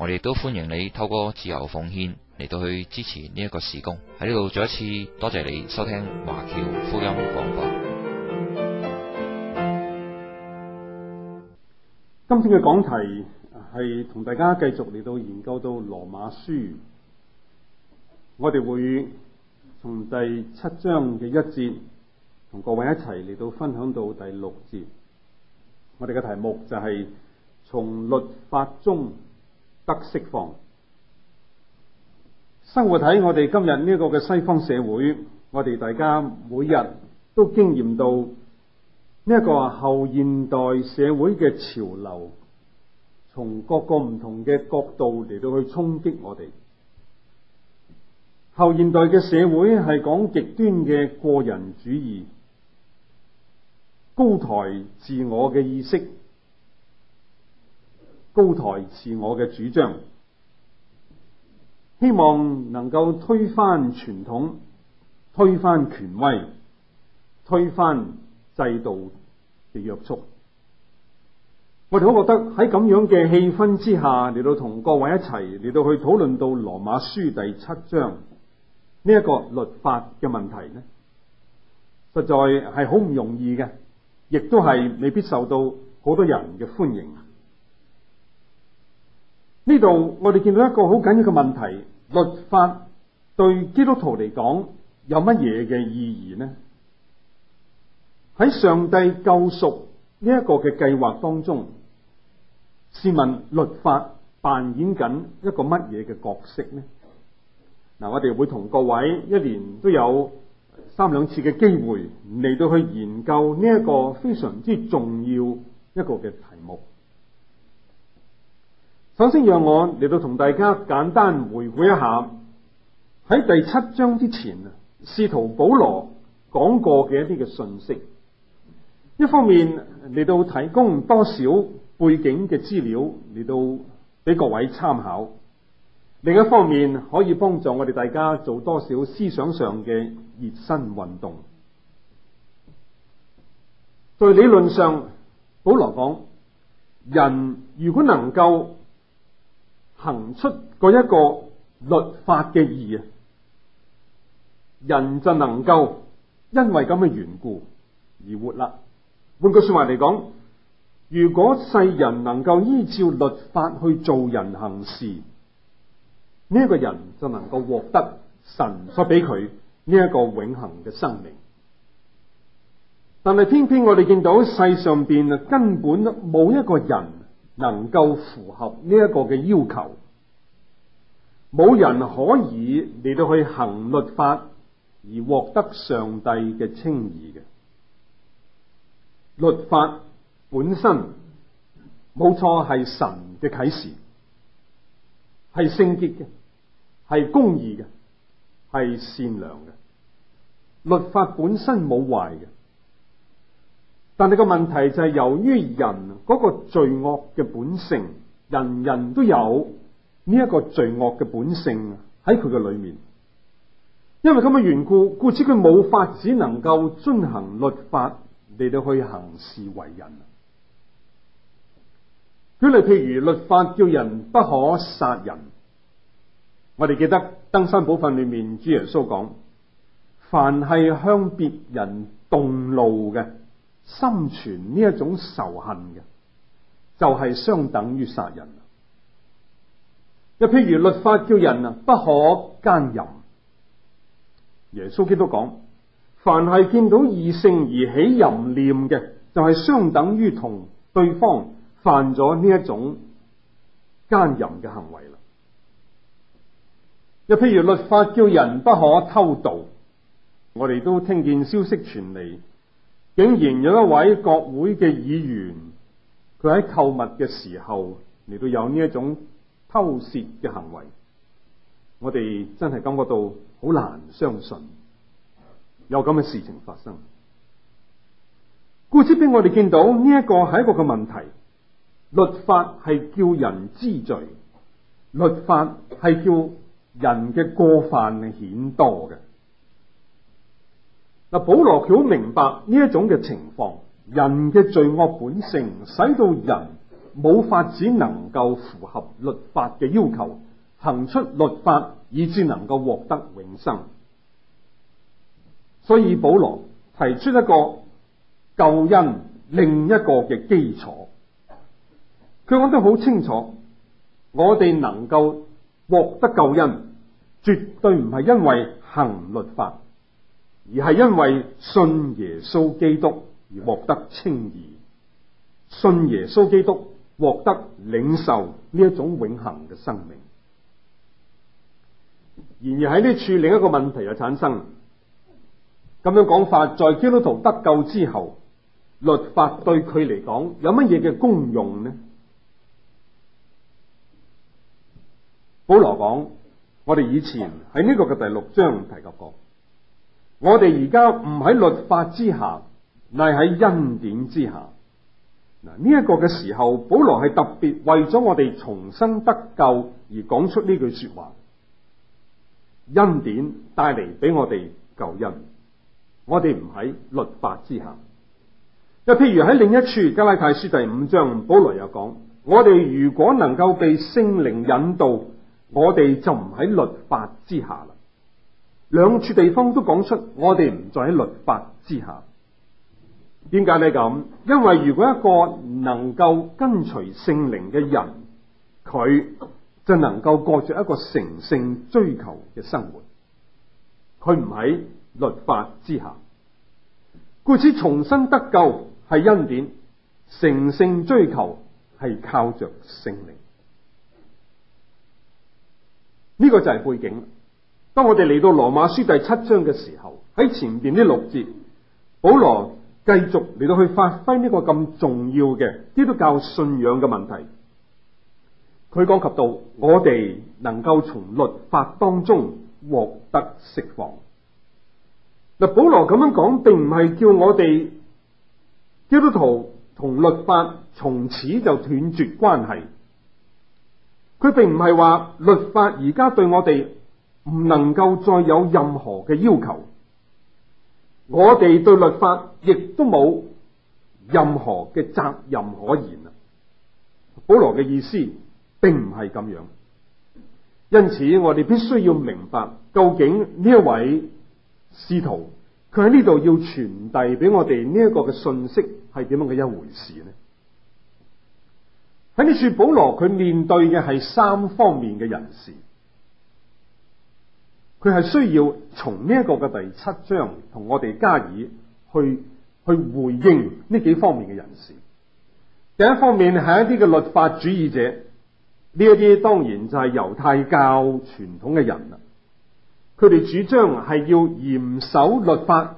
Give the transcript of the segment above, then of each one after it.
我哋都歡迎你透過自由奉獻嚟到去支持呢一個事工喺呢度。再一次多謝你收聽華僑福音廣播。法今天嘅講題係同大家繼續嚟到研究到羅馬書，我哋會從第七章嘅一節同各位一齊嚟到分享到第六節。我哋嘅題目就係、是、從律法中。得釋放。生活喺我哋今日呢個嘅西方社會，我哋大家每日都經驗到呢一個後現代社會嘅潮流，從各個唔同嘅角度嚟到去衝擊我哋。後現代嘅社會係講極端嘅個人主義，高抬自我嘅意識。高台自我嘅主張，希望能夠推翻傳統、推翻權威、推翻制度嘅約束。我哋好覺得喺咁樣嘅氣氛之下，嚟到同各位一齊嚟到去討論到羅馬書第七章呢一個律法嘅問題呢實在係好唔容易嘅，亦都係未必受到好多人嘅歡迎。呢度我哋見到一個好緊要嘅問題，律法對基督徒嚟講有乜嘢嘅意義呢？喺上帝救贖呢一個嘅計劃當中，試問律法扮演緊一個乜嘢嘅角色呢？嗱，我哋會同各位一年都有三兩次嘅機會嚟到去研究呢一個非常之重要一個嘅題目。首先讓我嚟到同大家簡單回顧一下喺第七章之前啊，使徒保羅講過嘅一啲嘅信息，一方面嚟到提供多少背景嘅資料嚟到俾各位參考，另一方面可以幫助我哋大家做多少思想上嘅熱身運動。對理論上，保羅講人如果能夠。行出嗰一個律法嘅義啊，人就能夠因為咁嘅緣故而活啦。換句說話嚟講，如果世人能夠依照律法去做人行事，呢一個人就能夠獲得神所俾佢呢一個永恒嘅生命。但係偏偏我哋見到世上邊根本冇一個人。能夠符合呢一個嘅要求，冇人可以嚟到去行律法而獲得上帝嘅稱義嘅。律法本身冇錯，係神嘅啟示，係聖潔嘅，係公義嘅，係善良嘅。律法本身冇壞嘅。但係個問題就係，由於人嗰個罪惡嘅本性，人人都有呢一個罪惡嘅本性喺佢嘅裏面。因為咁嘅緣故，故此佢冇法只能夠遵行律法嚟到去行事為人。舉例譬如，律法叫人不可殺人。我哋記得登山寶訓裏面，主耶穌講：凡係向別人動怒嘅。心存呢一種仇恨嘅，就係相等於殺人。又譬如律法叫人啊不可姦淫，耶穌基督講，凡係見到異性而起淫念嘅，就係相等於同對方犯咗呢一種姦淫嘅行為啦。又譬如律法叫人不可偷盜，我哋都聽見消息傳嚟。竟然有一位國會嘅議員，佢喺購物嘅時候，嚟到有呢一種偷竊嘅行為，我哋真係感覺到好難相信有咁嘅事情發生。故此俾我哋見到呢、這個、一個係一個嘅問題，律法係叫人知罪，律法係叫人嘅過犯顯多嘅。嗱，保羅佢好明白呢一種嘅情況，人嘅罪惡本性使到人冇法子能夠符合律法嘅要求，行出律法以至能夠獲得永生。所以保羅提出一個救恩另一個嘅基礎，佢講得好清楚，我哋能夠獲得救恩，絕對唔係因為行律法。而係因為信耶穌基督而獲得稱義，信耶穌基督獲得領受呢一種永恆嘅生命。然而喺呢處另一個問題又產生，咁樣講法，在基督徒得救之後，律法對佢嚟講有乜嘢嘅功用呢？保羅講，我哋以前喺呢個嘅第六章提及過，過。我哋而家唔喺律法之下，乃喺恩典之下。嗱，呢一個嘅時候，保羅係特別為咗我哋重生得救而講出呢句說話。恩典帶嚟俾我哋救恩，我哋唔喺律法之下。又譬如喺另一處加拉太書第五章，保羅又講：我哋如果能夠被聖靈引導，我哋就唔喺律法之下啦。兩處地方都講出，我哋唔再喺律法之下。點解呢咁？因為如果一個能夠跟隨聖靈嘅人，佢就能夠過住一個成聖追求嘅生活。佢唔喺律法之下，故此重生得救係恩典，成聖追求係靠着聖靈。呢、這個就係背景。當我哋嚟到羅馬書第七章嘅時候，喺前邊呢六節，保羅繼續嚟到去發揮呢個咁重要嘅基督教信仰嘅問題。佢講及到我哋能夠從律法當中獲得釋放。嗱，保羅咁樣講，並唔係叫我哋基督徒同律法從此就斷絕關係。佢並唔係話律法而家對我哋。唔能夠再有任何嘅要求，我哋對律法亦都冇任何嘅責任可言啊，保羅嘅意思並唔係咁樣，因此我哋必須要明白究竟呢一位使徒佢喺呢度要傳遞俾我哋呢一個嘅信息係點樣嘅一回事呢？喺呢處保羅佢面對嘅係三方面嘅人士。佢係需要從呢一個嘅第七章同我哋加以去去回應呢幾方面嘅人士。第一方面係一啲嘅律法主義者，呢一啲當然就係猶太教傳統嘅人啦。佢哋主張係要嚴守律法，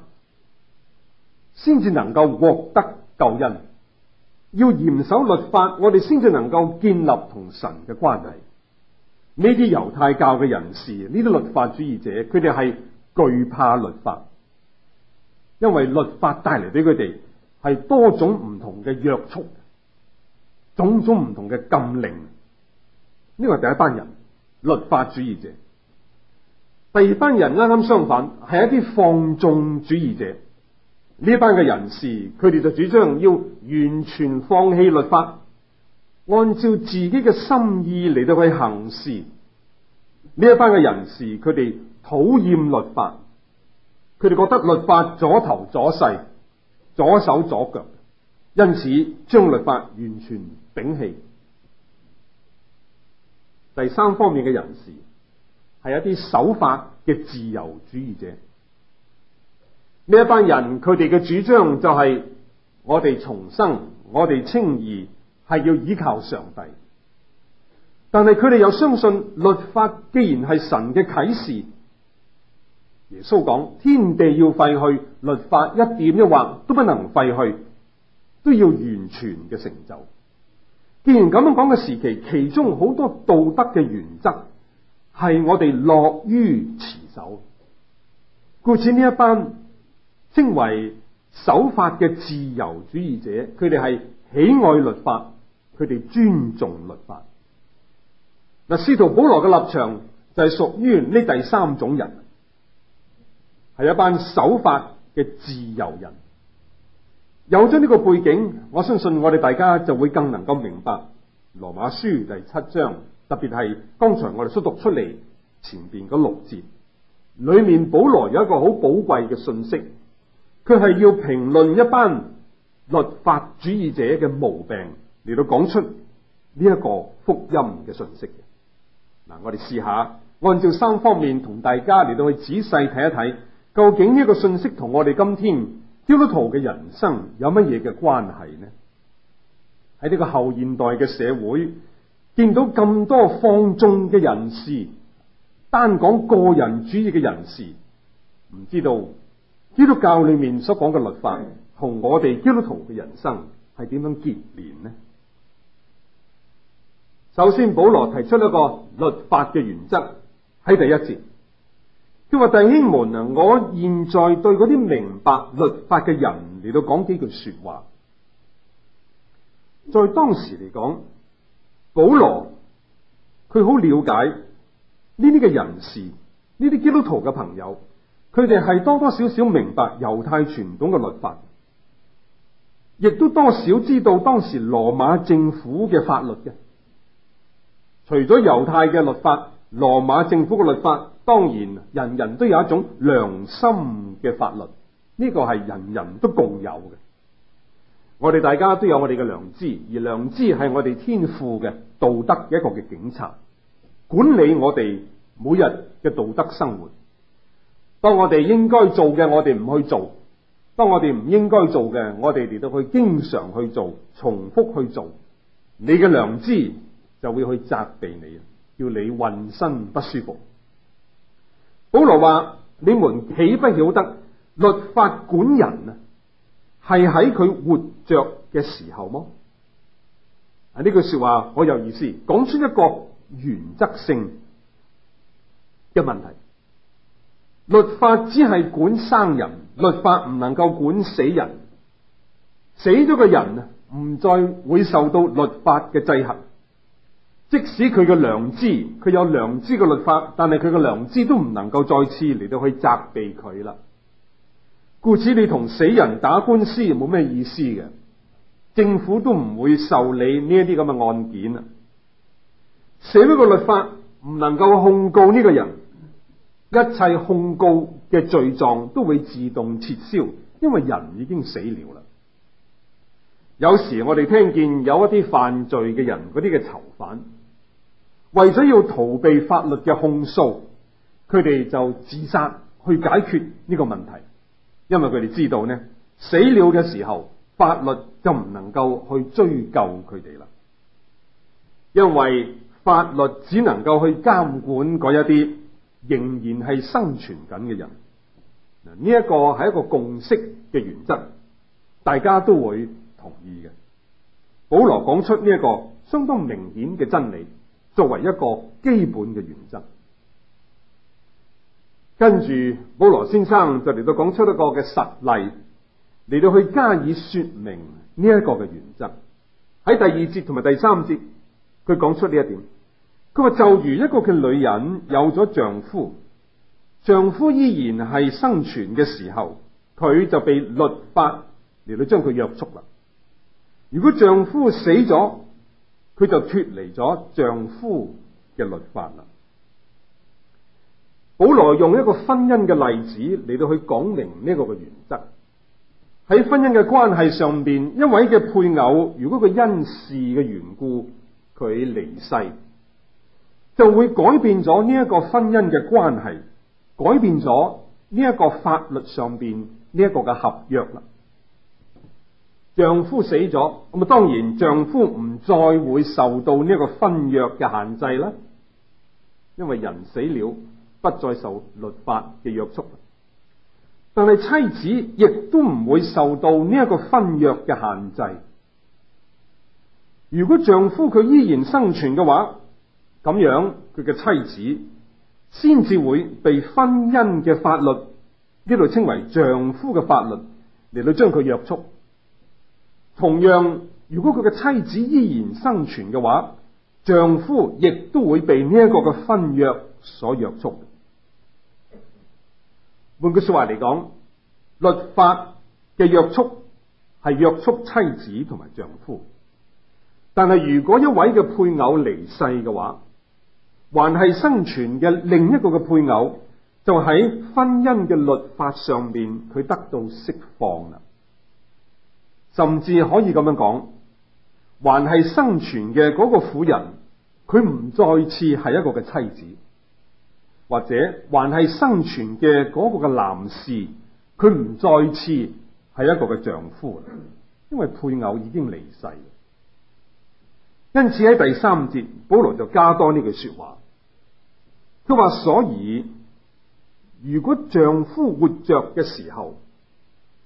先至能夠獲得救恩。要嚴守律法，我哋先至能夠建立同神嘅關係。呢啲猶太教嘅人士，呢啲律法主義者，佢哋係懼怕律法，因為律法帶嚟俾佢哋係多種唔同嘅約束，種種唔同嘅禁令。呢個係第一班人，律法主義者。第二班人啱啱相反，係一啲放縱主義者。呢一班嘅人士，佢哋就主張要完全放棄律法。按照自己嘅心意嚟到去行事，呢一班嘅人士，佢哋討厭律法，佢哋覺得律法阻頭阻勢，阻手阻腳，因此將律法完全摒棄。第三方面嘅人士係一啲守法嘅自由主義者，呢一班人佢哋嘅主張就係我哋重生，我哋稱義。係要依靠上帝，但係佢哋又相信律法既然係神嘅啟示，耶穌講天地要廢去律法一點一劃都不能廢去，都要完全嘅成就。既然咁樣講嘅時期，其中好多道德嘅原則係我哋樂於持守，故此呢一班稱為守法嘅自由主義者，佢哋係喜愛律法。佢哋尊重律法嗱，司徒保羅嘅立場就係屬於呢第三種人，係一班守法嘅自由人。有咗呢個背景，我相信我哋大家就會更能夠明白《羅馬書》第七章，特別係剛才我哋所讀出嚟前面嗰六節裏面，保羅有一個好寶貴嘅信息，佢係要評論一班律法主義者嘅毛病。嚟到講出呢一個福音嘅信息，嗱，我哋試下按照三方面同大家嚟到去仔細睇一睇，究竟呢一個信息同我哋今天基督徒嘅人生有乜嘢嘅關係呢？喺呢個後現代嘅社會，見到咁多放縱嘅人士，單講個人主義嘅人士，唔知道基督教裏面所講嘅律法同我哋基督徒嘅人生係點樣結連呢？首先，保羅提出一個律法嘅原則喺第一節，佢話弟兄們啊，我現在對嗰啲明白律法嘅人嚟到講幾句說話。在當時嚟講，保羅佢好了解呢啲嘅人士，呢啲基督徒嘅朋友，佢哋係多多少少明白猶太傳統嘅律法，亦都多少知道當時羅馬政府嘅法律嘅。除咗猶太嘅律法，羅馬政府嘅律法，當然人人都有一種良心嘅法律，呢個係人人都共有嘅。我哋大家都有我哋嘅良知，而良知係我哋天賦嘅道德一個嘅警察，管理我哋每日嘅道德生活。當我哋應該做嘅，我哋唔去做；當我哋唔應該做嘅，我哋亦都去經常去做，重複去做，你嘅良知就會去責備你，叫你渾身不舒服。保羅話：你們豈不曉得律法管人啊？係喺佢活着嘅時候麼？啊，呢句說話好有意思，講出一個原則性嘅問題。律法只係管生人，律法唔能夠管死人。死咗嘅人啊，唔再會受到律法嘅制衡。即使佢嘅良知，佢有良知嘅律法，但係佢嘅良知都唔能夠再次嚟到去責備佢啦。故此，你同死人打官司冇咩意思嘅，政府都唔會受理呢一啲咁嘅案件啦。死咗個律法唔能夠控告呢個人，一切控告嘅罪狀都會自動撤銷，因為人已經死了啦。有時我哋聽見有一啲犯罪嘅人，嗰啲嘅囚犯。為咗要逃避法律嘅控訴，佢哋就自殺去解決呢個問題，因為佢哋知道呢死了嘅時候，法律就唔能夠去追究佢哋啦。因為法律只能夠去監管嗰一啲仍然係生存緊嘅人。嗱，呢一個係一個共識嘅原則，大家都會同意嘅。保羅講出呢一個相當明顯嘅真理。作為一個基本嘅原則，跟住保羅先生就嚟到講出一個嘅實例，嚟到去加以說明呢一個嘅原則。喺第二節同埋第三節，佢講出呢一點。佢話，就如一個嘅女人有咗丈夫，丈夫依然係生存嘅時候，佢就被律法嚟到將佢約束啦。如果丈夫死咗，佢就脫離咗丈夫嘅律法啦。保羅用一個婚姻嘅例子嚟到去講明呢個嘅原則。喺婚姻嘅關係上邊，一位嘅配偶如果佢因事嘅緣故佢離世，就會改變咗呢一個婚姻嘅關係，改變咗呢一個法律上邊呢一個嘅合約啦。丈夫死咗，咁啊，當然丈夫唔再會受到呢個婚約嘅限制啦。因為人死了，不再受律法嘅約束，但係妻子亦都唔會受到呢一個婚約嘅限制。如果丈夫佢依然生存嘅話，咁樣佢嘅妻子先至會被婚姻嘅法律，呢度稱為丈夫嘅法律，嚟到將佢約束。同樣，如果佢嘅妻子依然生存嘅話，丈夫亦都會被呢一個嘅婚約所約束。換句說話嚟講，律法嘅約束係約束妻子同埋丈夫。但係如果一位嘅配偶離世嘅話，還係生存嘅另一個嘅配偶，就喺婚姻嘅律法上面，佢得到釋放啦。甚至可以咁樣講，還係生存嘅嗰個婦人，佢唔再次係一個嘅妻子；或者還係生存嘅嗰個嘅男士，佢唔再次係一個嘅丈夫，因為配偶已經離世。因此喺第三節，保羅就加多呢句說話，佢話：所以如果丈夫活着嘅時候，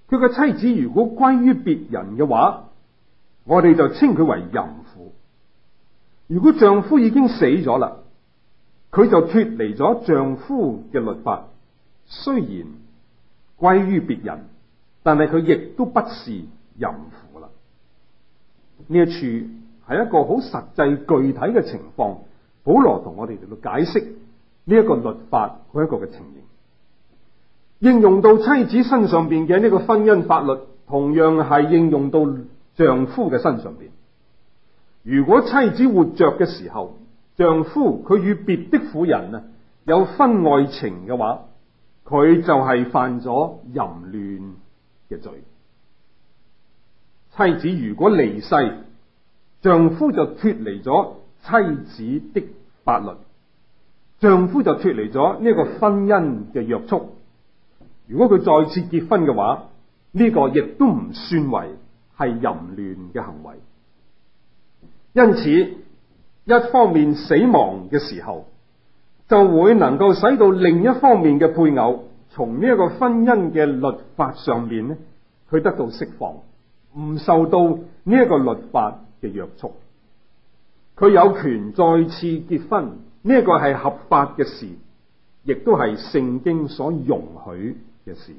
佢個妻子如果歸於別人嘅話，我哋就稱佢為淫婦。如果丈夫已經死咗啦，佢就脫離咗丈夫嘅律法。雖然歸於別人，但係佢亦都不是淫婦啦。呢一處係一個好實際具體嘅情況。保羅同我哋嚟到解釋呢一個律法，佢一個嘅情形。應用到妻子身上邊嘅呢個婚姻法律，同樣係應用到丈夫嘅身上邊。如果妻子活着嘅時候，丈夫佢與別的婦人啊有婚外情嘅話，佢就係犯咗淫亂嘅罪。妻子如果離世，丈夫就脫離咗妻子的法律，丈夫就脫離咗呢個婚姻嘅約束。如果佢再次結婚嘅話，呢個亦都唔算為係淫亂嘅行為。因此，一方面死亡嘅時候，就會能夠使到另一方面嘅配偶，從呢一個婚姻嘅律法上面咧，佢得到釋放，唔受到呢一個律法嘅約束。佢有權再次結婚，呢一個係合法嘅事，亦都係聖經所容許嘅事，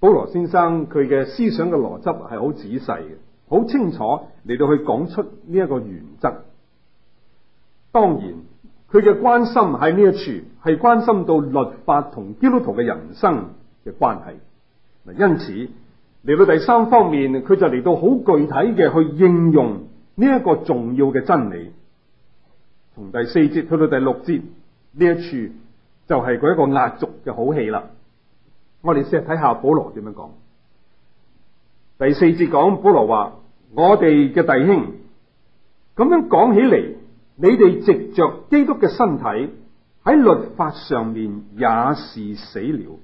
保羅先生佢嘅思想嘅邏輯係好仔細嘅，好清楚嚟到去講出呢一個原則。當然，佢嘅關心喺呢一處係關心到律法同基督徒嘅人生嘅關係。嗱，因此嚟到第三方面，佢就嚟到好具體嘅去應用呢一個重要嘅真理。從第四節去到第六節呢一處，就係嗰一個壓軸嘅好戲啦。我哋試下睇下保羅點樣講。第四節講保羅話：我哋嘅弟兄咁樣講起嚟，你哋藉着基督嘅身體喺律法上面也是死了。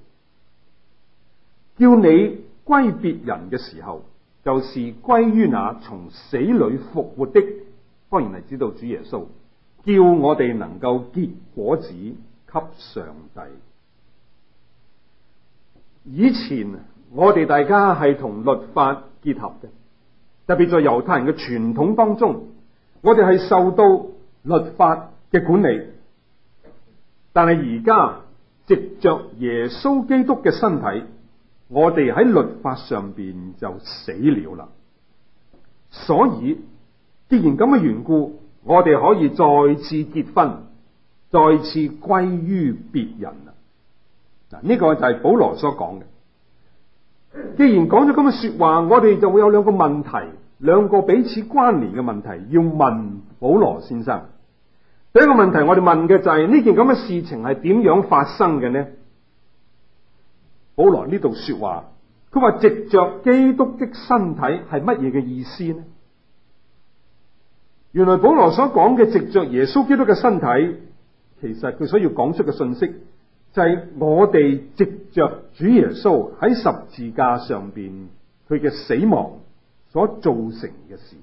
叫你歸別人嘅時候，就是歸於那從死裏復活的，當然係指道主耶穌叫我哋能夠結果子。給上帝。以前我哋大家係同律法結合嘅，特別在猶太人嘅傳統當中，我哋係受到律法嘅管理。但係而家，藉着耶穌基督嘅身體，我哋喺律法上面就死了啦。所以，既然咁嘅緣故，我哋可以再次結婚。再次歸於別人啦，嗱、這、呢個就係保羅所講嘅。既然講咗咁嘅說話，我哋就會有兩個問題，兩個彼此關聯嘅問題要問保羅先生。第一個問題我問、就是，我哋問嘅就係呢件咁嘅事情係點樣發生嘅呢？保羅呢度說話，佢話藉着基督的身體係乜嘢嘅意思呢？原來保羅所講嘅藉着耶穌基督嘅身體。其實佢所要講出嘅信息，就係我哋藉着主耶穌喺十字架上面佢嘅死亡所造成嘅事。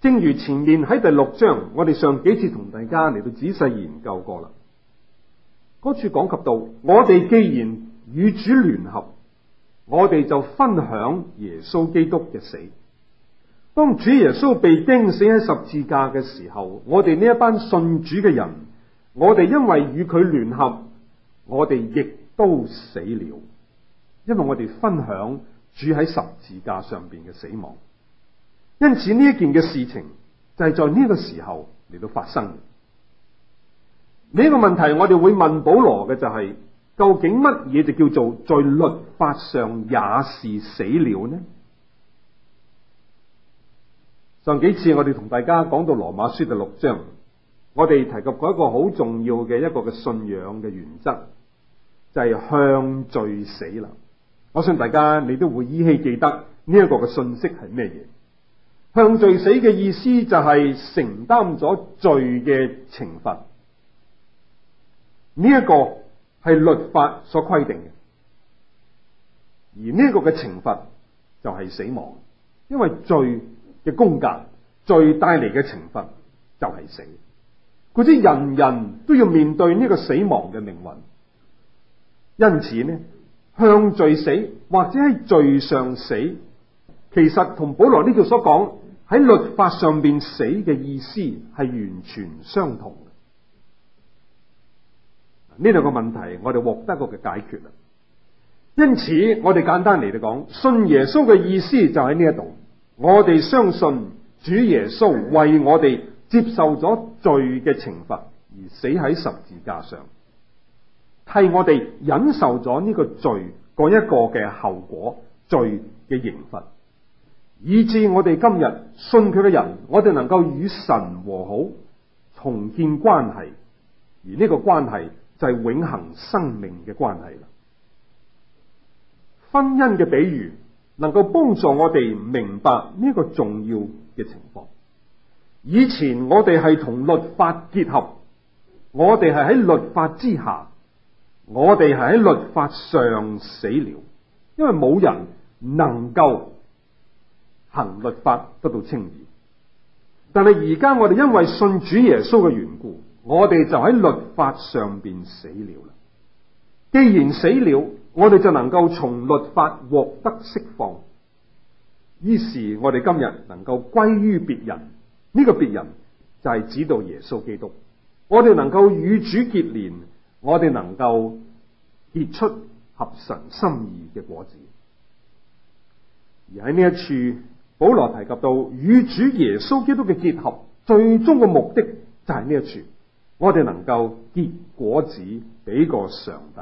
正如前面喺第六章，我哋上幾次同大家嚟到仔細研究過啦。嗰處講及到，我哋既然與主聯合，我哋就分享耶穌基督嘅死。當主耶穌被釘死喺十字架嘅時候，我哋呢一班信主嘅人，我哋因為與佢聯合，我哋亦都死了，因為我哋分享主喺十字架上邊嘅死亡。因此呢一件嘅事情就係在呢個時候嚟到發生。呢、這個問題我哋會問保羅嘅就係、是，究竟乜嘢就叫做在律法上也是死了呢？上幾次我哋同大家講到羅馬書第六章，我哋提及過一個好重要嘅一個嘅信仰嘅原則，就係向罪死啦。我相信大家你都會依稀記得呢一個嘅信息係咩嘢？向罪死嘅意思就係承擔咗罪嘅懲罰。呢一個係律法所規定嘅，而呢一個嘅懲罰就係死亡，因為罪，嘅功格最帶嚟嘅懲罰就係、是、死，嗰啲人人都要面對呢個死亡嘅命運。因此呢，向罪死或者喺罪上死，其實同保羅呢度所講喺律法上面死嘅意思係完全相同。呢兩個問題我哋獲得過嘅解決啦。因此我哋簡單嚟到講，信耶穌嘅意思就喺呢一度。我哋相信主耶穌為我哋接受咗罪嘅懲罰而死喺十字架上，替我哋忍受咗呢個罪嗰一個嘅後果，罪嘅刑罰，以至我哋今日信佢嘅人，我哋能夠與神和好，重建關係，而呢個關係就係永恆生命嘅關係啦。婚姻嘅比喻。能夠幫助我哋明白呢個重要嘅情況。以前我哋係同律法結合，我哋係喺律法之下，我哋係喺律法上死了，因為冇人能夠行律法得到稱義。但係而家我哋因為信主耶穌嘅緣故，我哋就喺律法上邊死了啦。既然死了。我哋就能夠從律法獲得釋放，於是我哋今日能夠歸於別人。呢、這個別人就係指到耶穌基督。我哋能夠與主結連，我哋能夠結出合神心意嘅果子。而喺呢一處，保羅提及到與主耶穌基督嘅結合，最終嘅目的就係呢一處，我哋能夠結果子俾個上帝。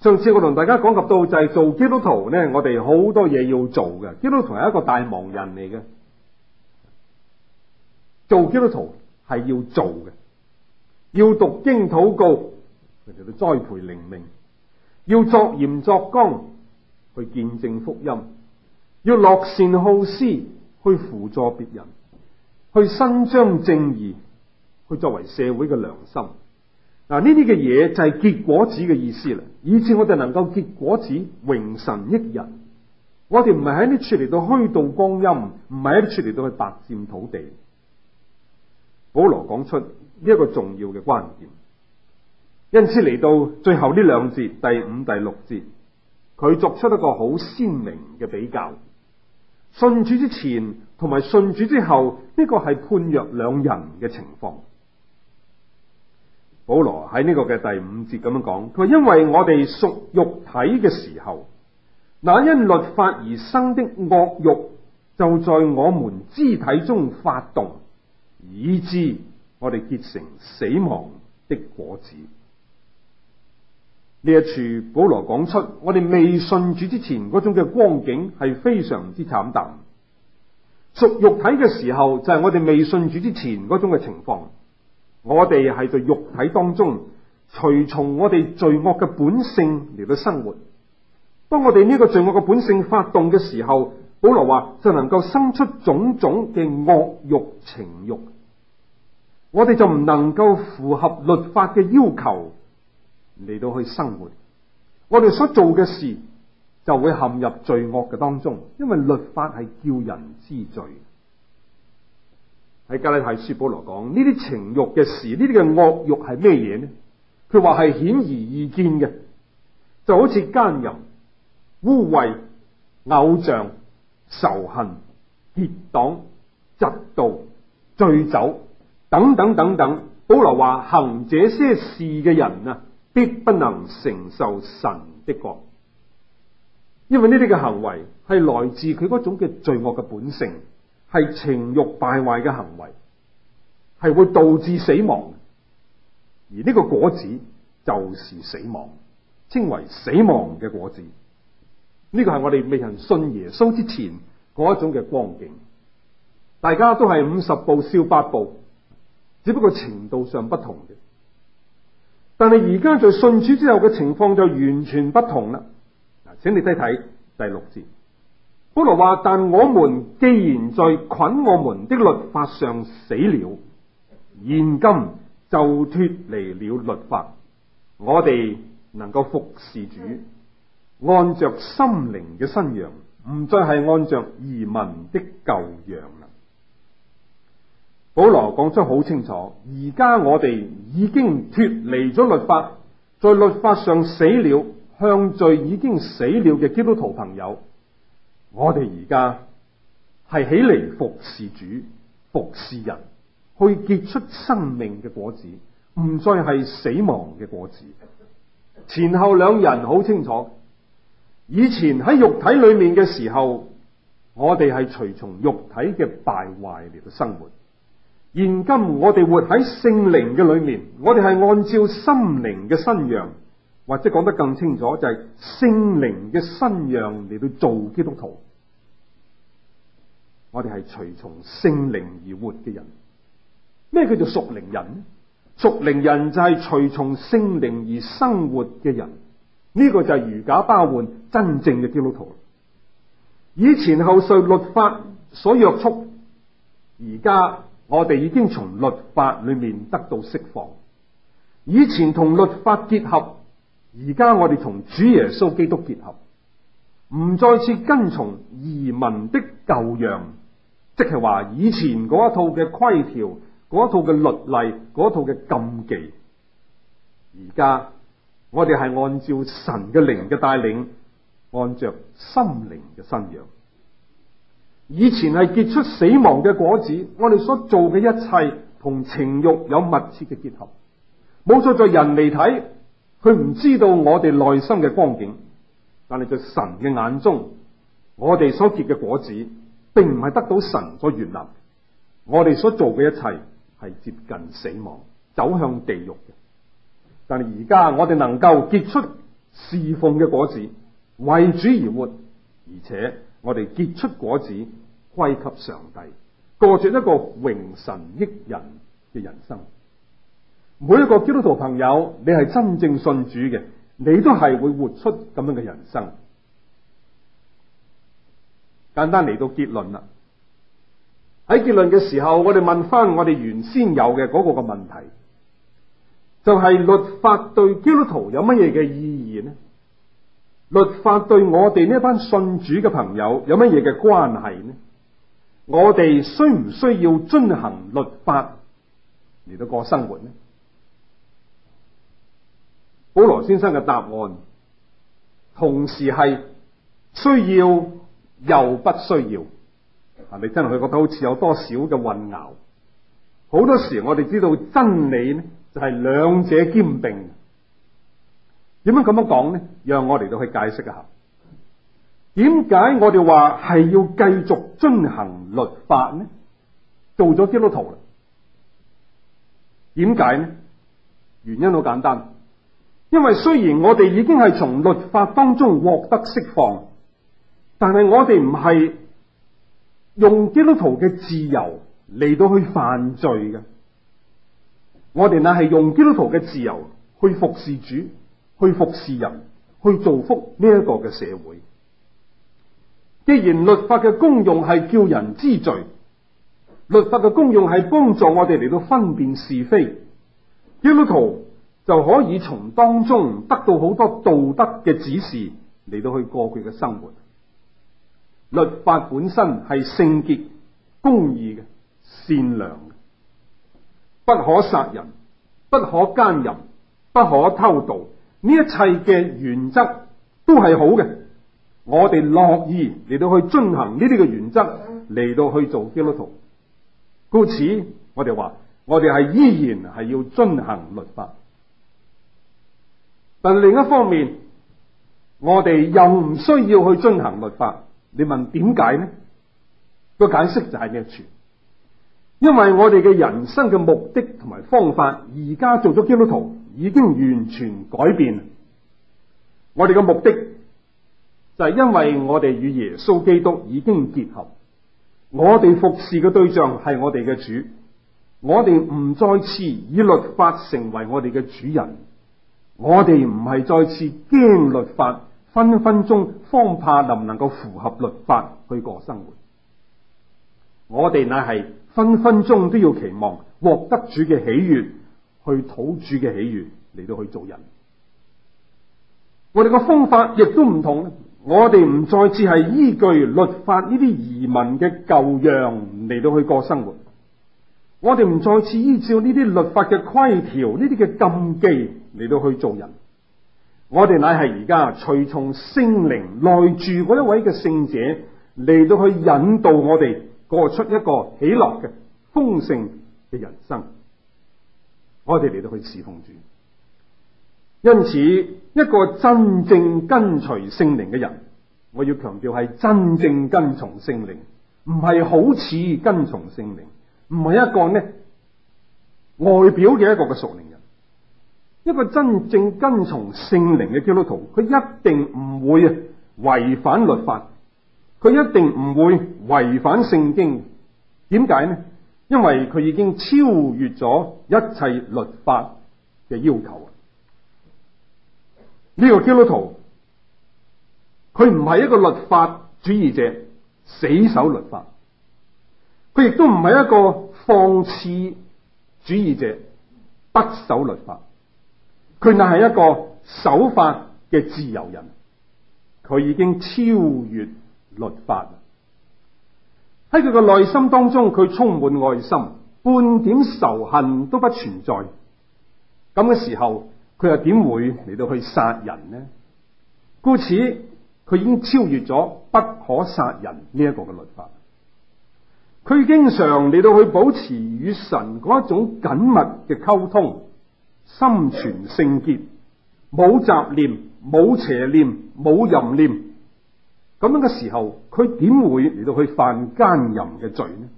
上次我同大家講及到就係做基督徒呢，我哋好多嘢要做嘅。基督徒係一個大忙人嚟嘅，做基督徒係要做嘅，要讀經禱告，佢哋都栽培靈命，要作鹽作光，去見證福音，要樂善好施，去輔助別人，去伸張正義，去作為社會嘅良心。嗱，呢啲嘅嘢就係結果子嘅意思啦。以致我哋能夠結果子，榮神益人；我哋唔係喺呢處嚟到虛度光陰，唔係喺呢處嚟到去白佔土地。保羅講出呢一個重要嘅關鍵，因此嚟到最後呢兩節第五、第六節，佢作出一個好鮮明嘅比較：信主之前同埋信主之後，呢個係判若兩人嘅情況。保羅喺呢個嘅第五節咁樣講，佢話：因為我哋屬肉體嘅時候，那因律法而生的惡欲就在我們肢體中發動，以致我哋結成死亡的果子。呢一處保羅講出，我哋未信主之前嗰種嘅光景係非常之慘淡。屬肉體嘅時候，就係我哋未信主之前嗰種嘅情況。我哋係在肉體當中隨從我哋罪惡嘅本性嚟到生活。當我哋呢個罪惡嘅本性發動嘅時候，保羅話就能夠生出種種嘅惡欲情欲。我哋就唔能夠符合律法嘅要求嚟到去生活。我哋所做嘅事就會陷入罪惡嘅當中，因為律法係叫人知罪。喺加拉太書保羅講呢啲情欲嘅事，呢啲嘅惡欲係咩嘢呢？佢話係顯而易見嘅，就好似奸淫、污穢、偶像、仇恨、結黨、嫉妒、醉酒等等等等。保羅話行這些事嘅人啊，必不能承受神的國，因為呢啲嘅行為係來自佢嗰種嘅罪惡嘅本性。係情欲敗壞嘅行為，係會導致死亡，而呢個果子就是死亡，稱為死亡嘅果子。呢個係我哋未人信耶穌之前嗰一種嘅光景，大家都係五十步笑百步，只不過程度上不同嘅。但係而家就信主之後嘅情況就完全不同啦。請你睇睇第六節。保羅話：但我們既然在捆我們的律法上死了，現今就脫離了律法，我哋能夠服侍主，按着心靈嘅新樣，唔再係按着儀文的舊樣啦。保羅講出好清楚，而家我哋已經脫離咗律法，在律法上死了，向罪已經死了嘅基督徒朋友。我哋而家係起嚟服侍主、服侍人，去結出生命嘅果子，唔再係死亡嘅果子。前後兩人好清楚，以前喺肉體裏面嘅時候，我哋係隨從肉體嘅敗壞嚟到生活；現今我哋活喺聖靈嘅裏面，我哋係按照心靈嘅新樣。或者講得更清楚，就係、是、聖靈嘅新樣嚟到做基督徒。我哋係隨從聖靈而活嘅人。咩叫做屬靈人呢？屬靈人就係隨從聖靈而生活嘅人。呢、這個就係如假包換真正嘅基督徒。以前受律法所約束，而家我哋已經從律法裏面得到釋放。以前同律法結合。而家我哋同主耶穌基督結合，唔再次跟從儀文的舊樣，即係話以前嗰一套嘅規條、嗰一套嘅律例、嗰套嘅禁忌。而家我哋係按照神嘅靈嘅帶領，按照心靈嘅新樣。以前係結出死亡嘅果子，我哋所做嘅一切同情欲有密切嘅結合。冇錯，在人嚟睇。佢唔知道我哋內心嘅光景，但係在神嘅眼中，我哋所結嘅果子，並唔係得到神所悅納。我哋所做嘅一切係接近死亡，走向地獄嘅。但係而家我哋能夠結出侍奉嘅果子，為主而活，而且我哋結出果子歸給上帝，過住一個榮神益人嘅人生。每一個基督徒朋友，你係真正信主嘅，你都係會活出咁樣嘅人生。簡單嚟到結論啦。喺結論嘅時候，我哋問翻我哋原先有嘅嗰個嘅問題，就係律法對基督徒有乜嘢嘅意義呢？律法對我哋呢一班信主嘅朋友有乜嘢嘅關係呢？我哋需唔需要遵行律法嚟到過生活呢？保羅先生嘅答案，同時係需要又不需要，係咪真係佢覺得好似有多少嘅混淆？好多時我哋知道真理呢，就係、是、兩者兼併。點樣咁樣講呢？讓我嚟到去解釋一下。點解我哋話係要繼續遵行律法呢？做咗基督徒啦，點解呢？原因好簡單。因為雖然我哋已經係從律法當中獲得釋放，但係我哋唔係用基督徒嘅自由嚟到去犯罪嘅，我哋啊係用基督徒嘅自由去服侍主，去服侍人，去造福呢一個嘅社會。既然律法嘅功用係叫人知罪，律法嘅功用係幫助我哋嚟到分辨是非，基督徒就可以從當中得到好多道德嘅指示嚟到去過佢嘅生活。律法本身係聖潔、公義嘅、善良嘅，不可殺人，不可姦淫，不可偷盜，呢一切嘅原則都係好嘅。我哋樂意嚟到去遵行呢啲嘅原則嚟到去做基督徒。故此，我哋話我哋係依然係要遵行律法。但另一方面，我哋又唔需要去遵行律法。你問點解呢？個解釋就係咩？全因為我哋嘅人生嘅目的同埋方法，而家做咗基督徒已經完全改變。我哋嘅目的就係、是、因為我哋與耶穌基督已經結合，我哋服侍嘅對象係我哋嘅主，我哋唔再次以律法成為我哋嘅主人。我哋唔係再次驚律法，分分鐘方怕能唔能夠符合律法去過生活。我哋乃係分分鐘都要期望獲得主嘅喜悅，去討主嘅喜悅嚟到去做人。我哋嘅方法亦都唔同，我哋唔再次係依據律法呢啲儀文嘅舊樣嚟到去過生活。我哋唔再次依照呢啲律法嘅規條，呢啲嘅禁忌嚟到去做人。我哋乃係而家隨從聖靈，內住嗰一位嘅聖者嚟到去引導我哋過出一個喜樂嘅、豐盛嘅人生。我哋嚟到去侍奉主。因此，一個真正跟隨聖靈嘅人，我要強調係真正跟從聖靈，唔係好似跟從聖靈。唔係一個呢外表嘅一個嘅屬靈人，一個真正跟從聖靈嘅基督徒，佢一定唔會違反律法，佢一定唔會違反聖經。點解呢？因為佢已經超越咗一切律法嘅要求。呢、這個基督徒，佢唔係一個律法主義者，死守律法。佢亦都唔係一個放肆主義者，不守律法。佢乃係一個守法嘅自由人，佢已經超越律法。喺佢嘅內心當中，佢充滿愛心，半點仇恨都不存在。咁嘅時候，佢又點會嚟到去殺人呢？故此，佢已經超越咗不可殺人呢一個嘅律法。佢經常嚟到去保持與神嗰一種緊密嘅溝通，心存聖潔，冇雜念，冇邪念，冇淫念，咁樣嘅時候，佢點會嚟到去犯奸淫嘅罪呢？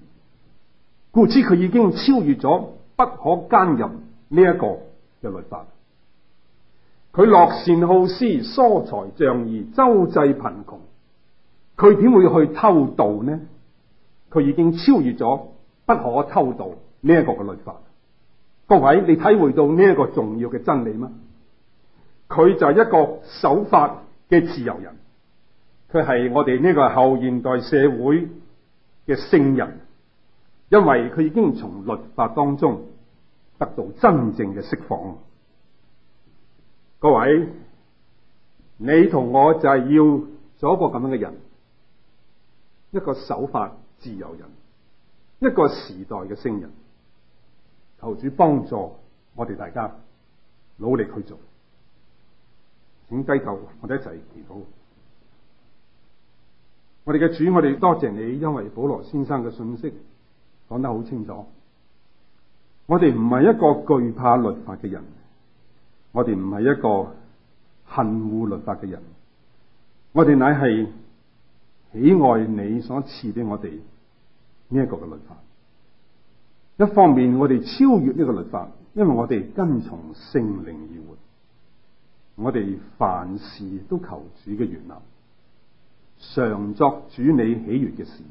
故此，佢已經超越咗不可奸淫呢一個嘅律法。佢樂善好施、疏財仗義、周濟貧窮，佢點會去偷渡呢？佢已經超越咗不可偷盜呢一個嘅律法，各位，你體會到呢一個重要嘅真理嗎？佢就係一個守法嘅自由人，佢係我哋呢個後現代社會嘅聖人，因為佢已經從律法當中得到真正嘅釋放。各位，你同我就係要做一個咁樣嘅人，一個守法。自由人，一個時代嘅聖人，求主幫助我哋大家努力去做，請低頭，我哋一齊祈禱。我哋嘅主，我哋多謝、謝你，因為保羅先生嘅信息講得好清楚，我哋唔係一個懼怕律法嘅人，我哋唔係一個恨惡律法嘅人，我哋乃係喜愛你所賜俾我哋。呢一個嘅律法，一方面我哋超越呢個律法，因為我哋跟從聖靈而活，我哋凡事都求主嘅原諒，常作主你喜悅嘅事。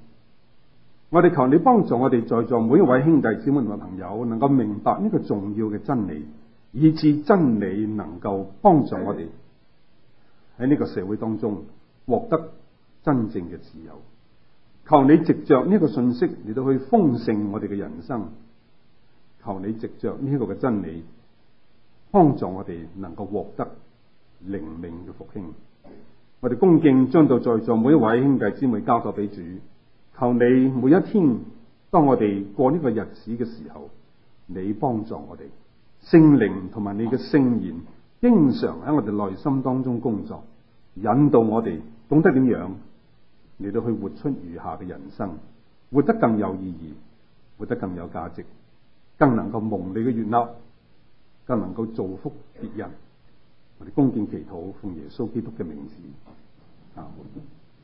我哋求你幫助我哋在座每一位兄弟姊妹同朋友，能夠明白呢個重要嘅真理，以致真理能夠幫助我哋喺呢個社會當中獲得真正嘅自由。求你藉着呢個信息嚟到去豐盛我哋嘅人生，求你藉着呢個嘅真理幫助我哋能夠獲得靈命嘅復興。我哋恭敬將到在座每一位兄弟姊妹交咗俾主，求你每一天當我哋過呢個日子嘅時候，你幫助我哋聖靈同埋你嘅聖言經常喺我哋內心當中工作，引導我哋懂得點樣。嚟到去活出餘下嘅人生，活得更有意義，活得更有價值，更能夠蒙你嘅悅納，更能夠造福別人。我哋恭敬祈禱，奉耶穌基督嘅名字啊！